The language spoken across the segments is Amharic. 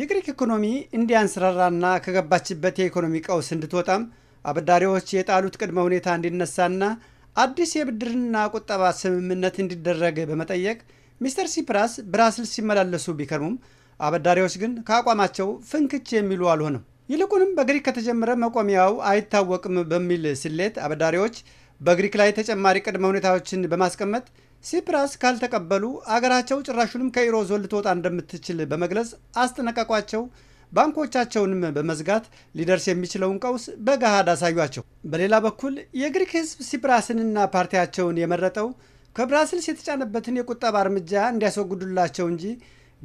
የግሪክ ኢኮኖሚ እንዲያንሰራራና ከገባችበት የኢኮኖሚ ቀውስ እንድትወጣም አበዳሪዎች የጣሉት ቅድመ ሁኔታ እንዲነሳና አዲስ የብድርና ቁጠባ ስምምነት እንዲደረግ በመጠየቅ ሚስተር ሲፕራስ ብራስልስ ሲመላለሱ ቢከርሙም አበዳሪዎች ግን ከአቋማቸው ፍንክች የሚሉ አልሆነም። ይልቁንም በግሪክ ከተጀመረ መቆሚያው አይታወቅም በሚል ስሌት አበዳሪዎች በግሪክ ላይ ተጨማሪ ቅድመ ሁኔታዎችን በማስቀመጥ ሲፕራስ ካልተቀበሉ አገራቸው ጭራሹንም ከኢሮ ዞን ልትወጣ እንደምትችል በመግለጽ አስጠነቀቋቸው። ባንኮቻቸውንም በመዝጋት ሊደርስ የሚችለውን ቀውስ በገሃድ አሳዩቸው። በሌላ በኩል የግሪክ ሕዝብ ሲፕራስንና ፓርቲያቸውን የመረጠው ከብራስልስ የተጫነበትን የቁጠባ እርምጃ እንዲያስወግዱላቸው እንጂ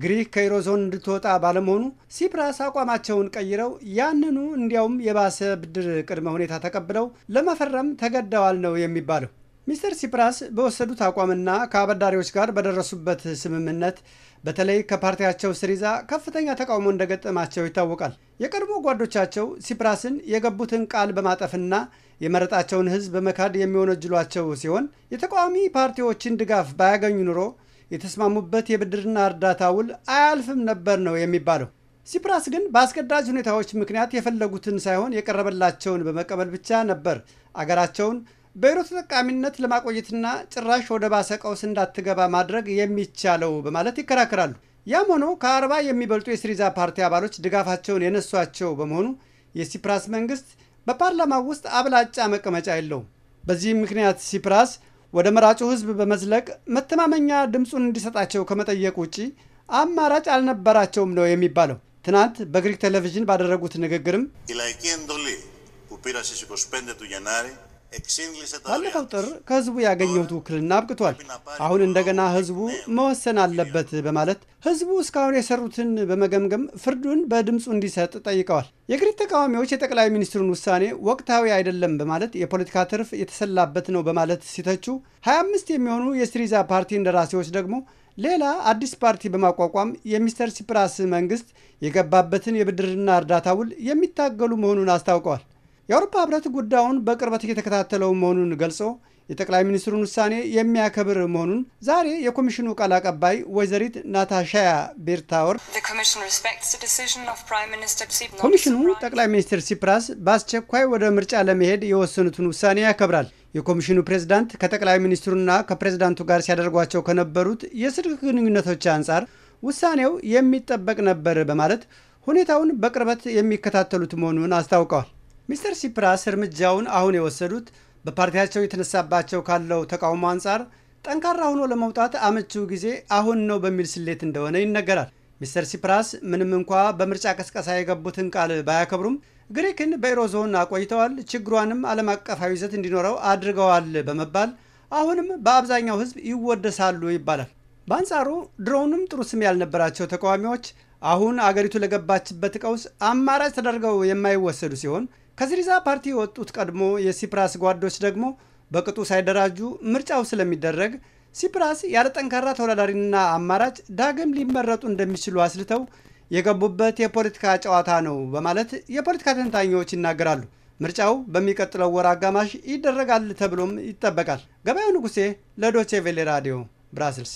ግሪክ ከኢሮዞን እንድትወጣ ባለመሆኑ ሲፕራስ አቋማቸውን ቀይረው ያንኑ እንዲያውም የባሰ ብድር ቅድመ ሁኔታ ተቀብለው ለመፈረም ተገደዋል ነው የሚባለው። ሚስተር ሲፕራስ በወሰዱት አቋምና ከአበዳሪዎች ጋር በደረሱበት ስምምነት በተለይ ከፓርቲያቸው ስሪዛ ከፍተኛ ተቃውሞ እንደገጠማቸው ይታወቃል። የቀድሞ ጓዶቻቸው ሲፕራስን የገቡትን ቃል በማጠፍና የመረጣቸውን ሕዝብ በመካድ የሚወነጅሏቸው ሲሆን የተቃዋሚ ፓርቲዎችን ድጋፍ ባያገኙ ኑሮ የተስማሙበት የብድርና እርዳታ ውል አያልፍም ነበር ነው የሚባለው። ሲፕራስ ግን በአስገዳጅ ሁኔታዎች ምክንያት የፈለጉትን ሳይሆን የቀረበላቸውን በመቀበል ብቻ ነበር አገራቸውን በዩሮ ተጠቃሚነት ለማቆየትና ጭራሽ ወደ ባሰ ቀውስ እንዳትገባ ማድረግ የሚቻለው በማለት ይከራከራሉ። ያም ሆኖ ከአርባ የሚበልጡ የሲሪዛ ፓርቲ አባሎች ድጋፋቸውን የነሷቸው በመሆኑ የሲፕራስ መንግስት በፓርላማ ውስጥ አብላጫ መቀመጫ የለውም። በዚህም ምክንያት ሲፕራስ ወደ መራጩ ህዝብ በመዝለቅ መተማመኛ ድምፁን እንዲሰጣቸው ከመጠየቅ ውጪ አማራጭ አልነበራቸውም ነው የሚባለው። ትናንት በግሪክ ቴሌቪዥን ባደረጉት ንግግርም ባለፈው ጥር ከህዝቡ ያገኘሁት ውክልና አብቅቷል። አሁን እንደገና ህዝቡ መወሰን አለበት በማለት ህዝቡ እስካሁን የሰሩትን በመገምገም ፍርዱን በድምፁ እንዲሰጥ ጠይቀዋል። የግሪክ ተቃዋሚዎች የጠቅላይ ሚኒስትሩን ውሳኔ ወቅታዊ አይደለም በማለት የፖለቲካ ትርፍ የተሰላበት ነው በማለት ሲተቹ፣ 25 የሚሆኑ የስሪዛ ፓርቲ እንደራሴዎች ደግሞ ሌላ አዲስ ፓርቲ በማቋቋም የሚስተር ሲፕራስ መንግስት የገባበትን የብድርና እርዳታ ውል የሚታገሉ መሆኑን አስታውቀዋል። የአውሮፓ ህብረት ጉዳዩን በቅርበት እየተከታተለው መሆኑን ገልጾ የጠቅላይ ሚኒስትሩን ውሳኔ የሚያከብር መሆኑን ዛሬ የኮሚሽኑ ቃል አቀባይ ወይዘሪት ናታሻያ ቤርታወር ኮሚሽኑ ጠቅላይ ሚኒስትር ሲፕራስ በአስቸኳይ ወደ ምርጫ ለመሄድ የወሰኑትን ውሳኔ ያከብራል። የኮሚሽኑ ፕሬዝዳንት ከጠቅላይ ሚኒስትሩና ከፕሬዝዳንቱ ጋር ሲያደርጓቸው ከነበሩት የስልክ ግንኙነቶች አንጻር ውሳኔው የሚጠበቅ ነበር በማለት ሁኔታውን በቅርበት የሚከታተሉት መሆኑን አስታውቀዋል። ሚስተር ሲፕራስ እርምጃውን አሁን የወሰዱት በፓርቲያቸው የተነሳባቸው ካለው ተቃውሞ አንጻር ጠንካራ ሆኖ ለመውጣት አመቺው ጊዜ አሁን ነው በሚል ስሌት እንደሆነ ይነገራል። ሚስተር ሲፕራስ ምንም እንኳ በምርጫ ቀስቀሳ የገቡትን ቃል ባያከብሩም ግሪክን በኤሮዞን አቆይተዋል፣ ችግሯንም ዓለም አቀፋዊ ይዘት እንዲኖረው አድርገዋል በመባል አሁንም በአብዛኛው ሕዝብ ይወደሳሉ ይባላል። በአንጻሩ ድሮውንም ጥሩ ስም ያልነበራቸው ተቃዋሚዎች አሁን አገሪቱ ለገባችበት ቀውስ አማራጭ ተደርገው የማይወሰዱ ሲሆን ከሲሪዛ ፓርቲ የወጡት ቀድሞ የሲፕራስ ጓዶች ደግሞ በቅጡ ሳይደራጁ ምርጫው ስለሚደረግ ሲፕራስ ያለ ጠንካራ ተወዳዳሪና አማራጭ ዳግም ሊመረጡ እንደሚችሉ አስልተው የገቡበት የፖለቲካ ጨዋታ ነው በማለት የፖለቲካ ተንታኞች ይናገራሉ። ምርጫው በሚቀጥለው ወር አጋማሽ ይደረጋል ተብሎም ይጠበቃል። ገበያው ንጉሴ ለዶቼ ቬሌ ራዲዮ ብራስልስ